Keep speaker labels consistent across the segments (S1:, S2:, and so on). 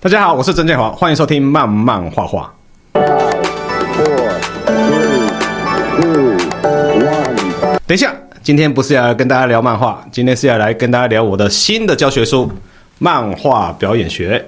S1: 大家好，我是曾建華，歡迎收聽漫漫畫畫。五、四、三、二、一。等一下，今天不是要來跟大家聊漫畫，今天是要來跟大家聊我的新的教學書《漫畫表演學》。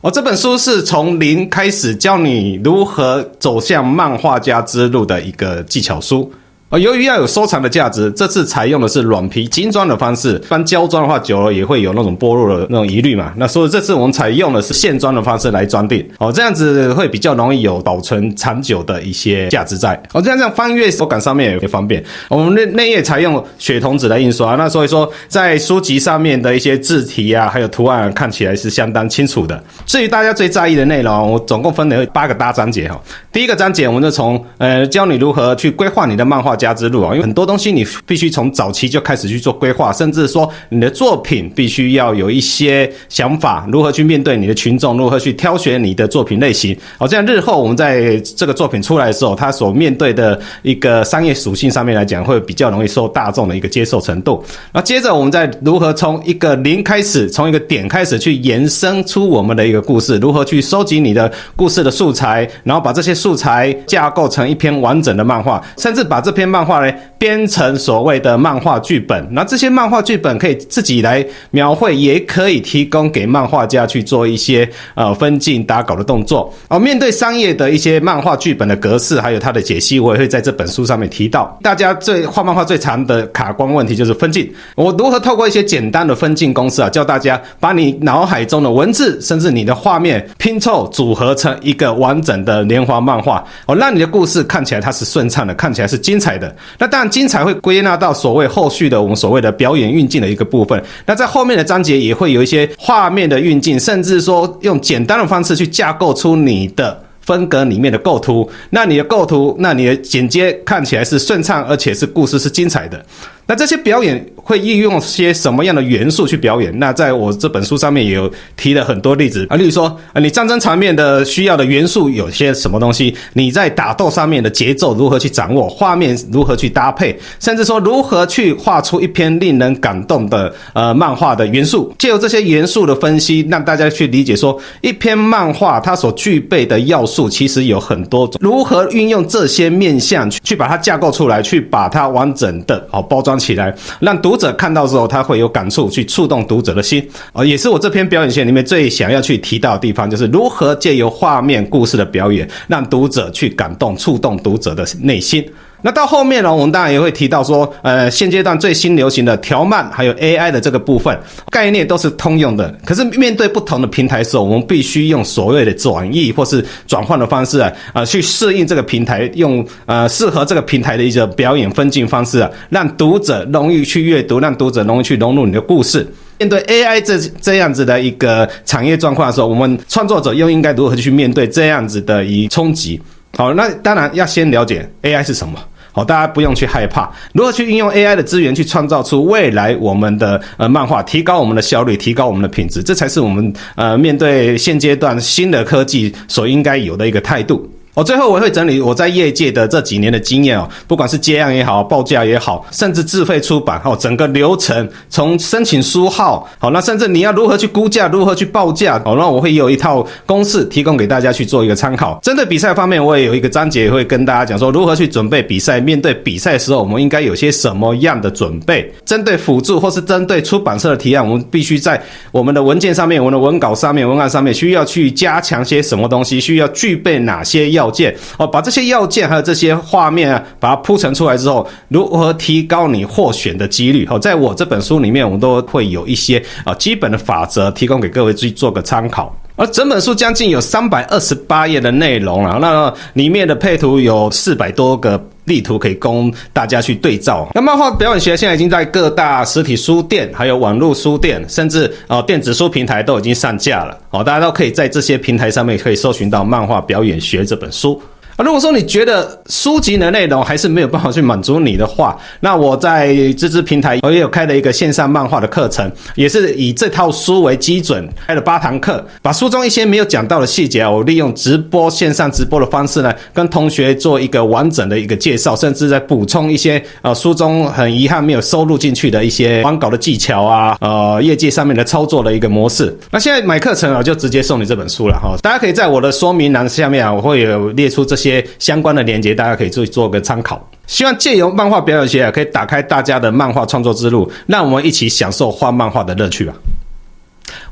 S1: 哦，這本書是從零開始教你如何走向漫畫家之路的一個技巧書。而、哦、由於要有收藏的價值，這次採用的是軟皮精裝的方式，翻膠裝的話，久了也會有那種剝落的那種疑慮嘛。那所以這次我們採用的是線裝的方式來裝訂，哦，這樣子會比較容易有保存長久的一些價值在。哦，這樣這樣翻閱手感上面也會方便。我們內內頁採用雪銅紙來印刷，那所以說在書籍上面的一些字體啊，還有圖案、啊、看起來是相當清楚的。至於大家最在意的內容，我總共分了八個大章節哈、哦。第一個章節，我們就從呃教你如何去規劃你的漫畫家之路啊，因為很多東西你必須從早期就開始去做規劃，甚至說你的作品必須要有一些想法，如何去面對你的群眾，如何去挑選你的作品類型。好，這樣日後我們在這個作品出來的時候，它所面對的一個商業屬性上面來講，會比較容易受大眾的一個接受程度。那接着我們再如何從一個零開始，從一個點開始去延伸出我們的一個故事，如何去收集你的故事的素材，然後把這些素材架構成一篇完整的漫畫，甚至把這篇。漫畫呢，編成所謂的漫畫劇本，那這些漫畫劇本可以自己來描繪，也可以提供給漫畫家去做一些呃分鏡打稿的動作。哦，面對商業的一些漫畫劇本的格式，還有它的解析，我也會在這本書上面提到。大家最畫漫畫最常的卡關問題就是分鏡，我如何透過一些簡單的分鏡公式啊，教大家把你腦海中的文字，甚至你的畫面拼湊組合成一個完整的連環漫畫，哦，讓你的故事看起來它是順暢的，看起來是精彩的。來的，那當然精彩會歸納到所謂後續的我們所謂的表演運鏡的一個部分。那在後面的章節也會有一些畫面的運鏡，甚至說用簡單的方式去架構出你的分格裡面的構圖。那你的構圖，那你的剪接看起來是順暢，而且是故事是精彩的。那這些表演，會運用些什麼樣的元素去表演？那在我這本書上面也有提了很多例子啊，例如說，你戰爭場面的需要的元素有些什麼東西？你在打鬥上面的節奏如何去掌握？畫面如何去搭配？甚至說，如何去畫出一篇令人感動的呃漫畫的元素？借由這些元素的分析，讓大家去理解說，一篇漫畫它所具備的要素其實有很多種。如何運用這些面相去，去把它架構出來，去把它完整的哦包裝起來，讓讀。讀者看到的時候，他會有感觸，去觸動讀者的心，呃，也是我這篇表演學裡面最想要去提到的地方，就是如何借由畫面故事的表演，讓讀者去感動、觸動讀者的內心。那到後面呢，我們當然也會提到說，呃，現階段最新流行的條漫還有 AI 的這個部分概念都是通用的。可是面對不同的平台的時候，我們必須用所謂的轉譯或是轉換的方式啊，呃，去適應這個平台，用呃適合這個平台的一個表演分鏡方式啊，讓讀者容易去閱讀，讓讀者容易去融入你的故事。面對 AI 這這樣子的一個產業狀況的時候，我們創作者又應該如何去面對這樣子的一衝擊？好，那當然要先了解 AI 是什麼。好，大家不用去害怕，如何去運用 AI 的資源去創造出未來我們的呃漫畫，提高我們的效率，提高我們的品質，這才是我們呃面對現階段新的科技所應該有的一個態度。我最後我會整理我在業界的這幾年的經驗哦，不管是接案也好，報價也好，甚至自費出版哦，整個流程從申請書號好，那甚至你要如何去估價，如何去報價哦，那我會有一套公式提供給大家去做一個參考。針對比賽方面，我也有一個章節會跟大家講說如何去準備比賽，面對比賽的時候，我們應該有些什麼樣的準備？針對輔助或是針對出版社的提案，我們必須在我們的文件上面、我們的文稿上面、文案上面需要去加強些什麼東西？需要具備哪些要？要件哦，把這些要件還有這些畫面啊，把它鋪陳出來之後，如何提高你獲選的幾率哦，在我這本書裡面，我們都會有一些啊基本的法則提供給各位去做個參考。而整本書將近有三百二十八頁的內容啊，那裡面的配圖有四百多個。例圖可以供大家去對照。那漫畫表演學現在已經在各大實體書店，還有網絡書店，甚至哦電子書平台都已經上架了哦，大家都可以在這些平台上面可以搜尋到《漫畫表演學》這本書。啊，如果說你覺得書籍的內容還是沒有辦法去滿足你的話，那我在知知平台我也有開了一個線上漫畫的課程，也是以這套書為基準開了八堂課，把書中一些沒有講到的細節，啊，我利用直播線上直播的方式呢，跟同學做一個完整的一個介紹，甚至在補充一些呃書中很遺憾沒有收錄進去的一些完稿的技巧啊，呃業界上面的操作的一個模式。那現在買課程啊，我就直接送你這本書了哈、哦，大家可以在我的說明欄下面啊，我會有列出這些。些相關的連結，大家可以做做個參考。希望借由漫畫表演學可以打開大家的漫畫創作之路，讓我們一起享受畫漫畫的樂趣吧。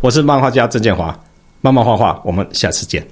S1: 我是漫畫家鄭建華，慢慢畫畫，我們下次見。